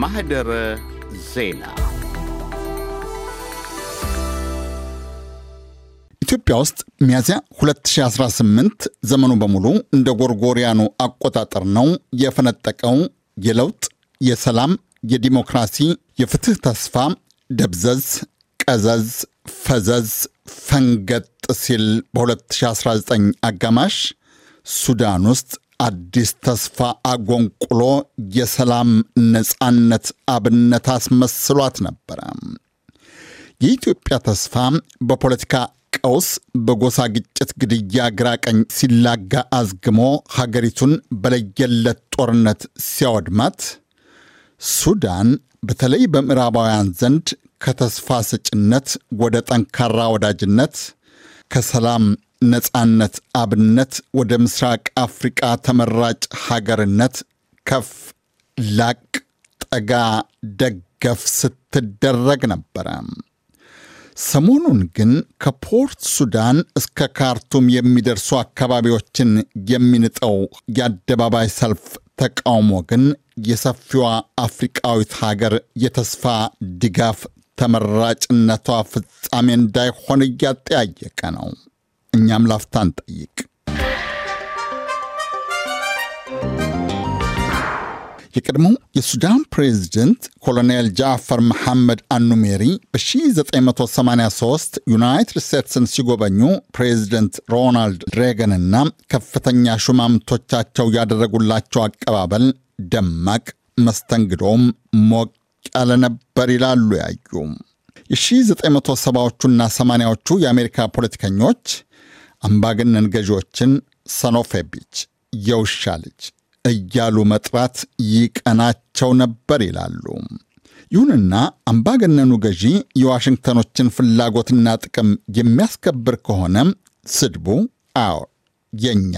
ማህደረ ዜና ኢትዮጵያ ውስጥ ሚያዝያ 2018 ዘመኑ በሙሉ እንደ ጎርጎሪያኑ አቆጣጠር ነው የፈነጠቀው የለውጥ፣ የሰላም፣ የዲሞክራሲ፣ የፍትህ ተስፋ ደብዘዝ፣ ቀዘዝ፣ ፈዘዝ፣ ፈንገጥ ሲል በ2019 አጋማሽ ሱዳን ውስጥ አዲስ ተስፋ አጎንቁሎ የሰላም ነፃነት አብነት አስመስሏት ነበረ። የኢትዮጵያ ተስፋ በፖለቲካ ቀውስ፣ በጎሳ ግጭት፣ ግድያ ግራ ቀኝ ሲላጋ አዝግሞ ሀገሪቱን በለየለት ጦርነት ሲያወድማት ሱዳን በተለይ በምዕራባውያን ዘንድ ከተስፋ ሰጭነት ወደ ጠንካራ ወዳጅነት ከሰላም ነፃነት አብነት ወደ ምስራቅ አፍሪቃ ተመራጭ ሀገርነት ከፍ ላቅ ጠጋ ደገፍ ስትደረግ ነበረ። ሰሞኑን ግን ከፖርት ሱዳን እስከ ካርቱም የሚደርሱ አካባቢዎችን የሚንጠው የአደባባይ ሰልፍ ተቃውሞ ግን የሰፊዋ አፍሪቃዊት ሀገር የተስፋ ድጋፍ ተመራጭነቷ ፍጻሜ እንዳይሆን እያጠያየቀ ነው። እኛም ላፍታን ጠይቅ። የቀድሞ የሱዳን ፕሬዝደንት ኮሎኔል ጃፈር መሐመድ አኑሜሪ በ1983 ዩናይትድ ስቴትስን ሲጎበኙ ፕሬዝደንት ሮናልድ ሬገንና ከፍተኛ ሹማምቶቻቸው ያደረጉላቸው አቀባበል ደማቅ መስተንግዶም ሞቅ ያለ ነበር ይላሉ ያዩ የ1970ዎቹና 80ዎቹ የአሜሪካ ፖለቲከኞች አምባገነን ገዢዎችን ሰኖፌቢች የውሻ ልጅ እያሉ መጥራት ይቀናቸው ነበር ይላሉ። ይሁንና አምባገነኑ ገዢ የዋሽንግተኖችን ፍላጎትና ጥቅም የሚያስከብር ከሆነ ስድቡ አዎ የእኛ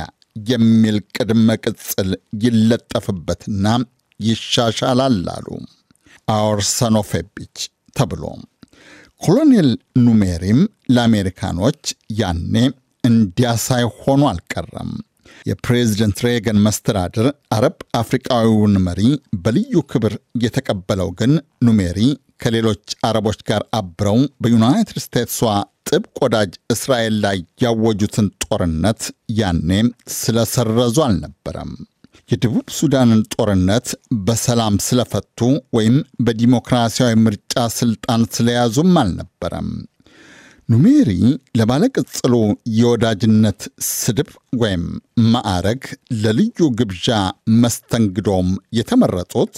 የሚል ቅድመ ቅጽል ይለጠፍበትና ይሻሻላል አሉ። አወር ሰኖፌቢች ተብሎ ኮሎኔል ኑሜሪም ለአሜሪካኖች ያኔ እንዲያሳይ ሆኖ አልቀረም። የፕሬዚደንት ሬገን መስተዳድር አረብ አፍሪቃዊውን መሪ በልዩ ክብር የተቀበለው ግን ኑሜሪ ከሌሎች አረቦች ጋር አብረው በዩናይትድ ስቴትሷ ጥብቅ ወዳጅ እስራኤል ላይ ያወጁትን ጦርነት ያኔ ስለሰረዙ አልነበረም። የደቡብ ሱዳንን ጦርነት በሰላም ስለፈቱ ወይም በዲሞክራሲያዊ ምርጫ ስልጣን ስለያዙም አልነበረም። ኑሜሪ ለባለቅጽሉ የወዳጅነት ስድብ ወይም ማዕረግ ለልዩ ግብዣ መስተንግዶም የተመረጡት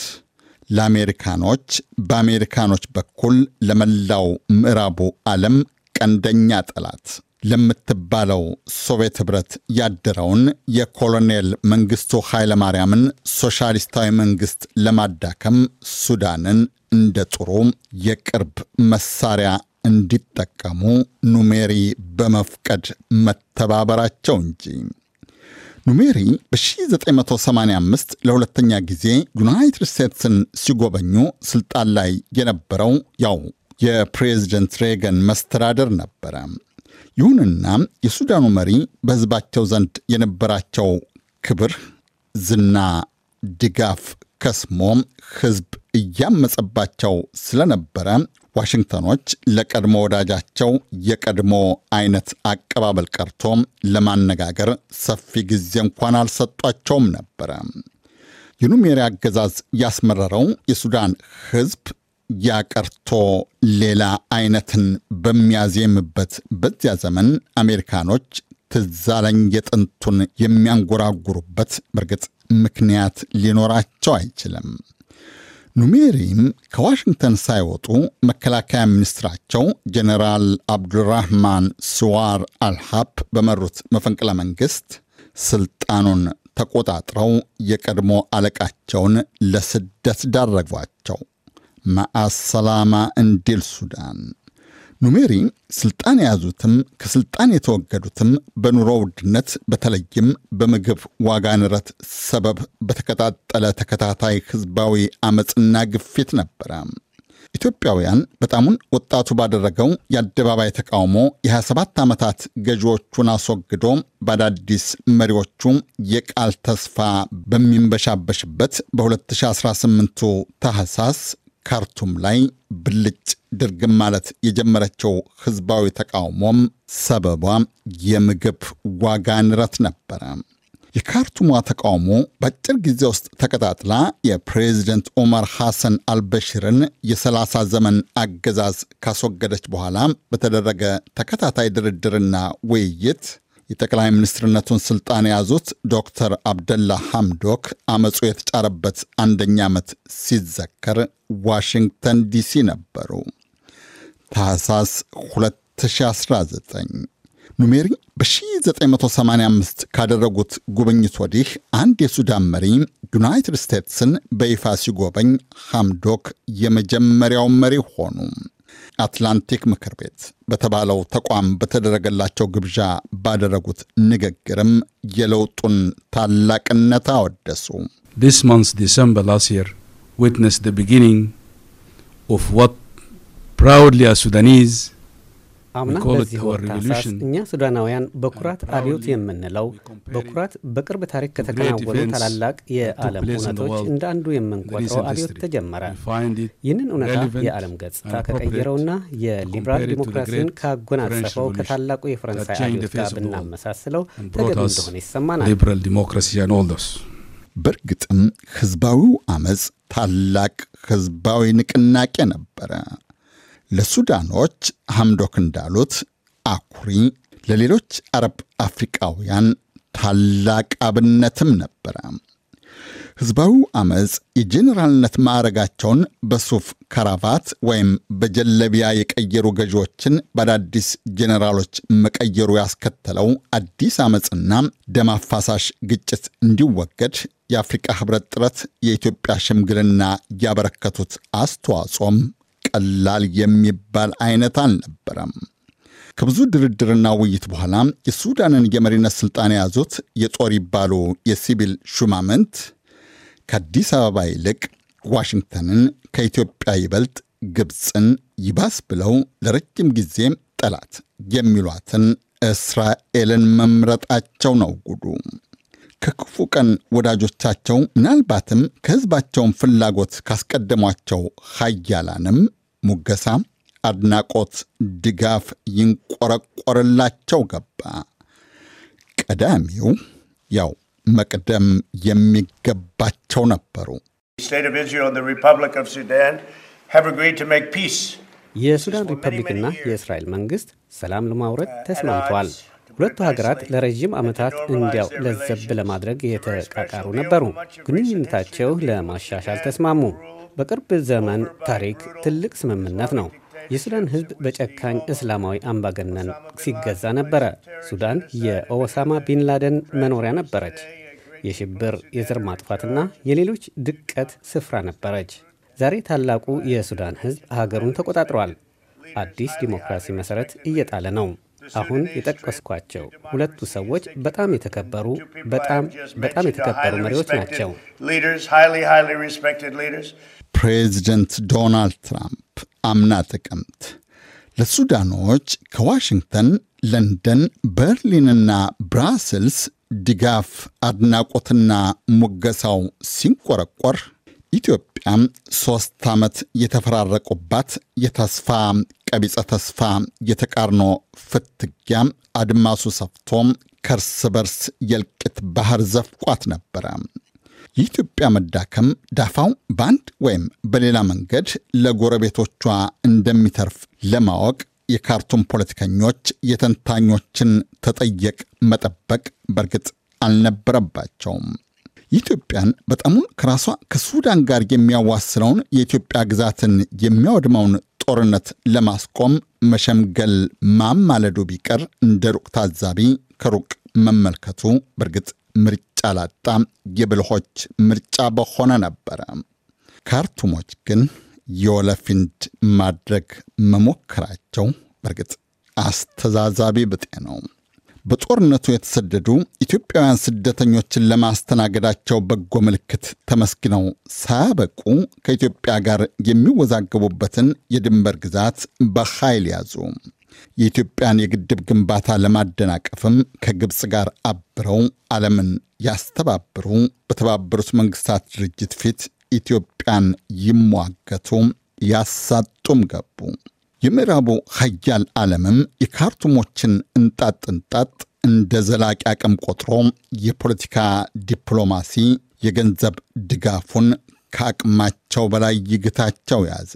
ለአሜሪካኖች በአሜሪካኖች በኩል ለመላው ምዕራቡ ዓለም ቀንደኛ ጠላት ለምትባለው ሶቪየት ኅብረት ያደረውን የኮሎኔል መንግሥቱ ኃይለማርያምን ሶሻሊስታዊ መንግሥት ለማዳከም ሱዳንን እንደ ጥሩ የቅርብ መሳሪያ እንዲጠቀሙ ኑሜሪ በመፍቀድ መተባበራቸው እንጂ። ኑሜሪ በ1985 ለሁለተኛ ጊዜ ዩናይትድ ስቴትስን ሲጎበኙ ስልጣን ላይ የነበረው ያው የፕሬዚደንት ሬገን መስተዳደር ነበረ። ይሁንና የሱዳኑ መሪ በሕዝባቸው ዘንድ የነበራቸው ክብር፣ ዝና፣ ድጋፍ ከስሞ ሕዝብ እያመጸባቸው ስለነበረ ዋሽንግተኖች ለቀድሞ ወዳጃቸው የቀድሞ አይነት አቀባበል ቀርቶ ለማነጋገር ሰፊ ጊዜ እንኳን አልሰጧቸውም ነበረ። የኑሜሪ አገዛዝ ያስመረረው የሱዳን ሕዝብ ያቀርቶ ሌላ አይነትን በሚያዜምበት በዚያ ዘመን አሜሪካኖች ትዛለኝ የጥንቱን የሚያንጎራጉሩበት በርግጥ ምክንያት ሊኖራቸው አይችልም። ኑሜሪም ከዋሽንግተን ሳይወጡ መከላከያ ሚኒስትራቸው ጀነራል አብዱራህማን ስዋር አልሃፕ በመሩት መፈንቅለ መንግሥት ስልጣኑን ተቆጣጥረው የቀድሞ አለቃቸውን ለስደት ዳረጓቸው። ማአሰላማ እንዲል ሱዳን ኑሜሪ ስልጣን የያዙትም ከስልጣን የተወገዱትም በኑሮ ውድነት በተለይም በምግብ ዋጋ ንረት ሰበብ በተቀጣጠለ ተከታታይ ህዝባዊ አመፅና ግፊት ነበረ። ኢትዮጵያውያን በጣሙን ወጣቱ ባደረገው የአደባባይ ተቃውሞ የ27 ዓመታት ገዢዎቹን አስወግዶ በአዳዲስ መሪዎቹ የቃል ተስፋ በሚንበሻበሽበት በ2018 ታህሳስ ካርቱም ላይ ብልጭ ድርግም ማለት የጀመረችው ህዝባዊ ተቃውሞም ሰበቧ የምግብ ዋጋ ንረት ነበረ። የካርቱሟ ተቃውሞ በአጭር ጊዜ ውስጥ ተቀጣጥላ የፕሬዚደንት ኦመር ሐሰን አልበሽርን የ30 ዘመን አገዛዝ ካስወገደች በኋላ በተደረገ ተከታታይ ድርድርና ውይይት የጠቅላይ ሚኒስትርነቱን ስልጣን የያዙት ዶክተር አብደላ ሐምዶክ አመፁ የተጫረበት አንደኛ ዓመት ሲዘከር ዋሽንግተን ዲሲ ነበሩ። ታህሳስ 2019 ኑሜሪ በ1985 ካደረጉት ጉብኝት ወዲህ አንድ የሱዳን መሪ ዩናይትድ ስቴትስን በይፋ ሲጎበኝ ሐምዶክ የመጀመሪያው መሪ ሆኑ። አትላንቲክ ምክር ቤት በተባለው ተቋም በተደረገላቸው ግብዣ ባደረጉት ንግግርም የለውጡን ታላቅነት አወደሱ። ስ ማንስ ዲሰምበር ላስት የር ዊትነስ ቢጊኒንግ ኦፍ ዋት ሱዳኒዝ አምና በዚህ ወር ታህሳስ እኛ ሱዳናውያን በኩራት አብዮት የምንለው በኩራት በቅርብ ታሪክ ከተከናወኑ ታላላቅ የዓለም እውነቶች እንደ አንዱ የምንቆጥረው አብዮት ተጀመረ። ይህንን እውነታ የዓለም ገጽታ ከቀየረውና የሊብራል ዲሞክራሲን ካጎናጸፈው ከታላቁ የፈረንሳይ አብዮት ጋር ብናመሳስለው ተገቢ እንደሆነ ይሰማናል። በእርግጥም ህዝባዊው አመፅ ታላቅ ህዝባዊ ንቅናቄ ነበረ። ለሱዳኖች ሐምዶክ እንዳሉት አኩሪ፣ ለሌሎች አረብ አፍሪቃውያን ታላቅ አብነትም ነበረ። ሕዝባዊ ዐመፅ የጄኔራልነት ማዕረጋቸውን በሱፍ ከራቫት ወይም በጀለቢያ የቀየሩ ገዢዎችን በአዳዲስ ጄኔራሎች መቀየሩ ያስከተለው አዲስ ዐመፅና ደም አፋሳሽ ግጭት እንዲወገድ የአፍሪቃ ኅብረት ጥረት የኢትዮጵያ ሽምግልና ያበረከቱት አስተዋጽኦም ቀላል የሚባል አይነት አልነበረም። ከብዙ ድርድርና ውይይት በኋላ የሱዳንን የመሪነት ስልጣን የያዙት የጦር ይባሉ የሲቪል ሹማምንት ከአዲስ አበባ ይልቅ ዋሽንግተንን፣ ከኢትዮጵያ ይበልጥ ግብፅን፣ ይባስ ብለው ለረጅም ጊዜ ጠላት የሚሏትን እስራኤልን መምረጣቸው ነው ጉዱ። ከክፉ ቀን ወዳጆቻቸው ምናልባትም ከሕዝባቸውን ፍላጎት ካስቀደሟቸው ሀያላንም ሙገሳ፣ አድናቆት፣ ድጋፍ ይንቆረቆርላቸው ገባ። ቀዳሚው ያው መቅደም የሚገባቸው ነበሩ። የሱዳን ሪፐብሊክና የእስራኤል መንግሥት ሰላም ለማውረድ uh, ተስማምተዋል። ሁለቱ ሀገራት ለረዥም ዓመታት እንዲያው ለዘብ ለማድረግ የተቃቃሩ ነበሩ። ግንኙነታቸው ለማሻሻል uh, ተስማሙ። በቅርብ ዘመን ታሪክ ትልቅ ስምምነት ነው። የሱዳን ሕዝብ በጨካኝ እስላማዊ አምባገነን ሲገዛ ነበረ። ሱዳን የኦሳማ ቢንላደን መኖሪያ ነበረች። የሽብር የዘር ማጥፋትና የሌሎች ድቀት ስፍራ ነበረች። ዛሬ ታላቁ የሱዳን ሕዝብ ሀገሩን ተቆጣጥሯል። አዲስ ዲሞክራሲ መሠረት እየጣለ ነው። አሁን የጠቀስኳቸው ሁለቱ ሰዎች በጣም የተከበሩ በጣም በጣም የተከበሩ መሪዎች ናቸው። ፕሬዚደንት ዶናልድ ትራምፕ አምና ጥቅምት ለሱዳኖች ከዋሽንግተን፣ ለንደን፣ በርሊንና ብራስልስ ድጋፍ አድናቆትና ሙገሳው ሲንቆረቆር ኢትዮጵያም ሦስት ዓመት የተፈራረቁባት የተስፋ ቀቢጸ ተስፋ የተቃርኖ ፍትጊያ አድማሱ ሰፍቶም ከርስ በርስ የእልቂት ባህር ዘፍቋት ነበረ። የኢትዮጵያ መዳከም ዳፋው በአንድ ወይም በሌላ መንገድ ለጎረቤቶቿ እንደሚተርፍ ለማወቅ የካርቱም ፖለቲከኞች የተንታኞችን ተጠየቅ መጠበቅ በእርግጥ አልነበረባቸውም። ኢትዮጵያን በጣሙን ከራሷ ከሱዳን ጋር የሚያዋስነውን የኢትዮጵያ ግዛትን የሚያወድመውን ጦርነት ለማስቆም መሸምገል ማማለዱ ቢቀር እንደ ሩቅ ታዛቢ ከሩቅ መመልከቱ በእርግጥ ምርጫ ላጣ የብልሆች ምርጫ በሆነ ነበረ። ካርቱሞች ግን የወለፊንድ ማድረግ መሞከራቸው በእርግጥ አስተዛዛቢ ብጤ ነው። በጦርነቱ የተሰደዱ ኢትዮጵያውያን ስደተኞችን ለማስተናገዳቸው በጎ ምልክት ተመስግነው ሳያበቁ ከኢትዮጵያ ጋር የሚወዛገቡበትን የድንበር ግዛት በኃይል ያዙ። የኢትዮጵያን የግድብ ግንባታ ለማደናቀፍም ከግብፅ ጋር አብረው ዓለምን ያስተባብሩ፣ በተባበሩት መንግስታት ድርጅት ፊት ኢትዮጵያን ይሟገቱ፣ ያሳጡም ገቡ። የምዕራቡ ሀያል ዓለምም የካርቱሞችን እንጣጥ እንጣጥ እንደ ዘላቂ አቅም ቆጥሮ የፖለቲካ ዲፕሎማሲ የገንዘብ ድጋፉን ከአቅማቸው በላይ ይግታቸው ያዘ።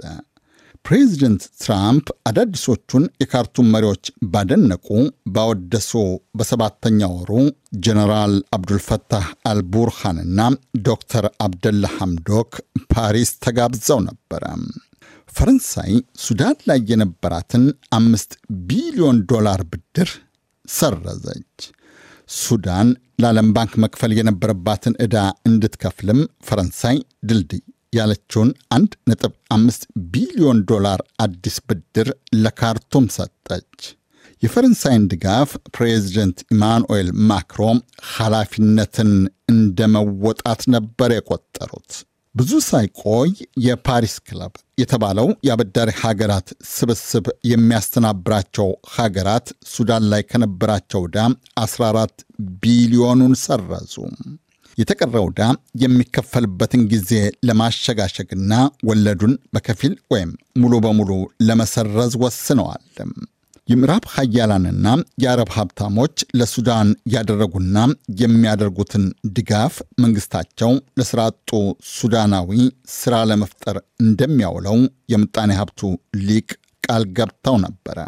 ፕሬዚደንት ትራምፕ አዳዲሶቹን የካርቱም መሪዎች ባደነቁ ባወደሱ በሰባተኛ ወሩ ጀነራል አብዱልፈታህ አልቡርሃንና ዶክተር አብደላ ሐምዶክ ፓሪስ ተጋብዘው ነበረ። ፈረንሳይ ሱዳን ላይ የነበራትን አምስት ቢሊዮን ዶላር ብድር ሰረዘች። ሱዳን ለዓለም ባንክ መክፈል የነበረባትን ዕዳ እንድትከፍልም ፈረንሳይ ድልድይ ያለችውን ነጥብ አምስት ቢሊዮን ዶላር አዲስ ብድር ለካርቱም ሰጠች። የፈረንሳይን ድጋፍ ፕሬዚደንት ኢማኑኤል ማክሮን ኃላፊነትን እንደ መወጣት ነበር የቆጠሩት። ብዙ ሳይቆይ የፓሪስ ክለብ የተባለው የአበዳሪ ሀገራት ስብስብ የሚያስተናብራቸው ሀገራት ሱዳን ላይ ከነበራቸው ዕዳ 14 ቢሊዮኑን ሰረዙ። የተቀረው ዕዳ የሚከፈልበትን ጊዜ ለማሸጋሸግና ወለዱን በከፊል ወይም ሙሉ በሙሉ ለመሰረዝ ወስነዋል። የምዕራብ ሀያላንና የአረብ ሀብታሞች ለሱዳን ያደረጉና የሚያደርጉትን ድጋፍ መንግስታቸው ለስራጡ ሱዳናዊ ስራ ለመፍጠር እንደሚያውለው የምጣኔ ሀብቱ ሊቅ ቃል ገብተው ነበረ።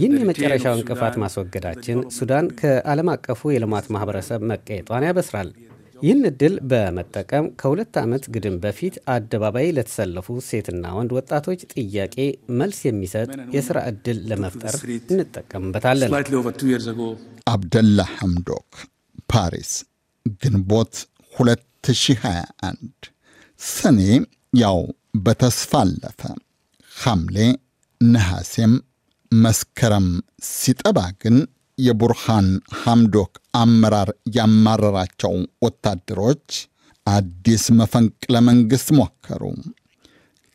ይህን የመጨረሻው እንቅፋት ማስወገዳችን ሱዳን ከዓለም አቀፉ የልማት ማህበረሰብ መቀየጧን ያበስራል። ይህን እድል በመጠቀም ከሁለት ዓመት ግድም በፊት አደባባይ ለተሰለፉ ሴትና ወንድ ወጣቶች ጥያቄ መልስ የሚሰጥ የሥራ ዕድል ለመፍጠር እንጠቀምበታለን። አብደላ ሐምዶክ ፓሪስ ግንቦት 2021 ሰኔ ያው በተስፋ አለፈ። ሐምሌ ነሐሴም መስከረም ሲጠባ ግን የቡርሃን ሐምዶክ አመራር ያማረራቸው ወታደሮች አዲስ መፈንቅለ መንግሥት ሞከሩ።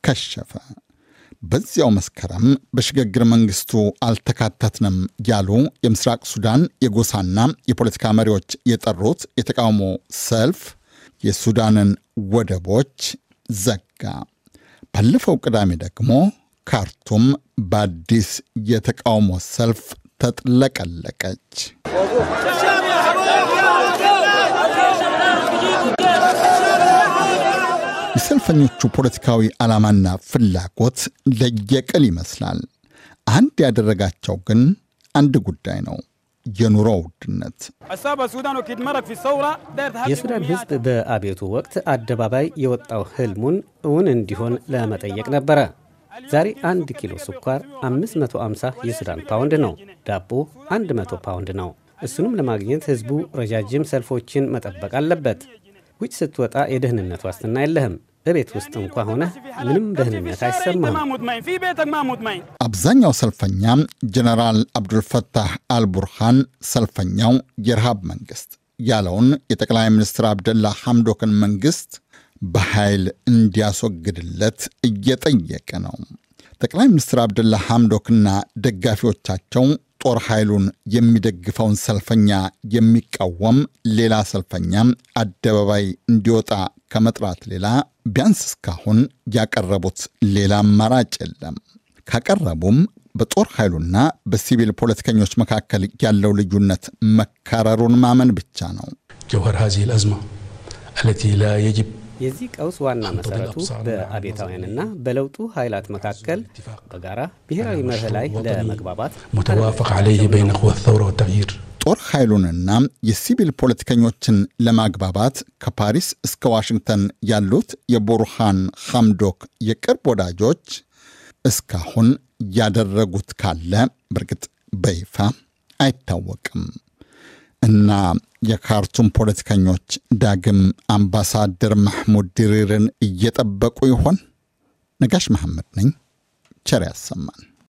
ከሸፈ። በዚያው መስከረም በሽግግር መንግስቱ አልተካተትንም ያሉ የምስራቅ ሱዳን የጎሳና የፖለቲካ መሪዎች የጠሩት የተቃውሞ ሰልፍ የሱዳንን ወደቦች ዘጋ። ባለፈው ቅዳሜ ደግሞ ካርቱም በአዲስ የተቃውሞ ሰልፍ ተጥለቀለቀች። የሰልፈኞቹ ፖለቲካዊ ዓላማና ፍላጎት ለየቅል ይመስላል። አንድ ያደረጋቸው ግን አንድ ጉዳይ ነው፣ የኑሮ ውድነት። የሱዳን ሕዝብ በአቤቱ ወቅት አደባባይ የወጣው ህልሙን እውን እንዲሆን ለመጠየቅ ነበረ። ዛሬ አንድ ኪሎ ስኳር 550 የሱዳን ፓውንድ ነው። ዳቦ 100 ፓውንድ ነው። እሱንም ለማግኘት ህዝቡ ረጃጅም ሰልፎችን መጠበቅ አለበት። ውጭ ስትወጣ የደህንነት ዋስትና የለህም። በቤት ውስጥ እንኳ ሆነ ምንም ደህንነት አይሰማም። አብዛኛው ሰልፈኛ ጀነራል አብዱልፈታህ አልቡርሃን ሰልፈኛው የረሃብ መንግስት ያለውን የጠቅላይ ሚኒስትር አብደላ ሐምዶክን መንግስት በኃይል እንዲያስወግድለት እየጠየቀ ነው። ጠቅላይ ሚኒስትር አብደላ ሐምዶክና ደጋፊዎቻቸው ጦር ኃይሉን የሚደግፈውን ሰልፈኛ የሚቃወም ሌላ ሰልፈኛ አደባባይ እንዲወጣ ከመጥራት ሌላ ቢያንስ እስካሁን ያቀረቡት ሌላ አማራጭ የለም። ካቀረቡም በጦር ኃይሉና በሲቪል ፖለቲከኞች መካከል ያለው ልዩነት መካረሩን ማመን ብቻ ነው። ጀውሀር ሀዚህ ልአዝማ አለቲ ላ የጅብ የዚህ ቀውስ ዋና መሰረቱ በአቤታውያንና በለውጡ ኃይላት መካከል በጋራ ብሔራዊ መርህ ላይ ለመግባባት ሙተዋፈቅ ዓለይህ በይነ ቁወት ተውረ ወተግይር ጦር ኃይሉንና የሲቪል ፖለቲከኞችን ለማግባባት ከፓሪስ እስከ ዋሽንግተን ያሉት የቡርሃን ሐምዶክ የቅርብ ወዳጆች እስካሁን ያደረጉት ካለ በርግጥ በይፋ አይታወቅም እና የካርቱም ፖለቲከኞች ዳግም አምባሳደር ማሕሙድ ድሪርን እየጠበቁ ይሆን? ነጋሽ መሐመድ ነኝ። ቸር ያሰማን።